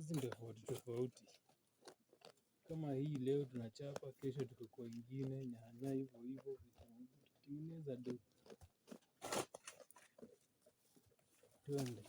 kazi ndio tofauti tofauti. Kama hii leo tunachapa kesho tuko kwa ingine nyanya hivyo hivyo tunatengeneza dough. Twende.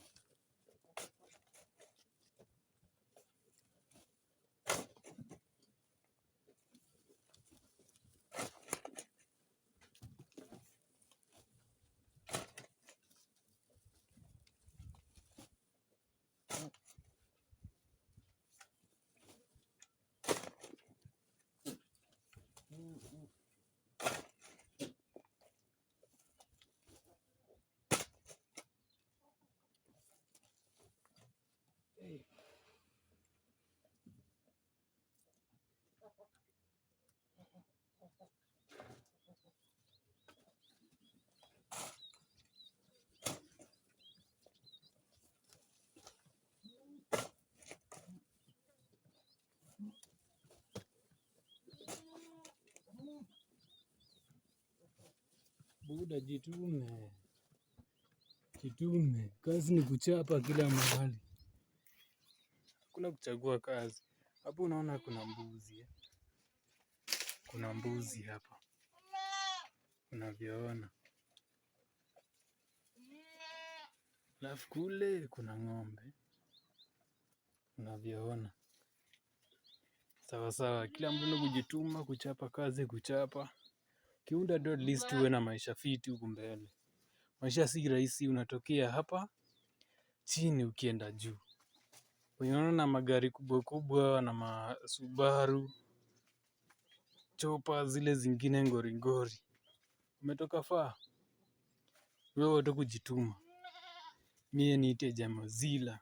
Buda jitume, jitume. Kazi ni kuchapa kila mahali, hakuna kuchagua kazi. Hapo unaona kuna mbuzi, kuna mbuzi hapa unavyoona, alafu kule kuna ng'ombe unavyoona. Sawa sawa, kila mtu kujituma, kuchapa kazi, kuchapa Kiunda ndio at least uwe na maisha fiti huku mbele. Maisha si rahisi unatokea hapa chini ukienda juu. Unaona na magari kubwa kubwa na masubaru Chopa zile zingine ngoringori umetoka faa. Wewe watu kujituma. Mie niite Jamazila.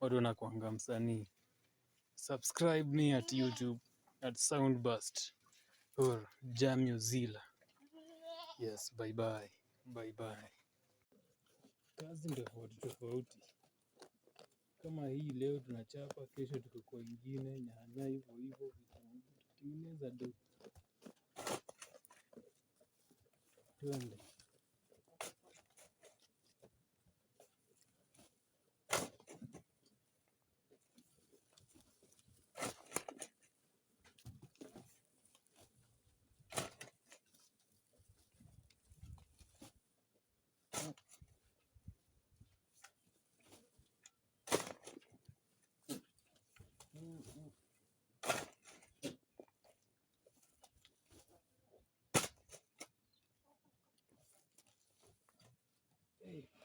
Watu wanakuanga msanii. Subscribe me at YouTube at Soundburst or Jamuzila. Yes, bye bye. Bye bye. Kazi ndio tofauti tofauti, kama hii leo tunachapa, kesho tuko kwa ingine, nyanya hivyo hivyo, tutengeneza do tuende. Hey.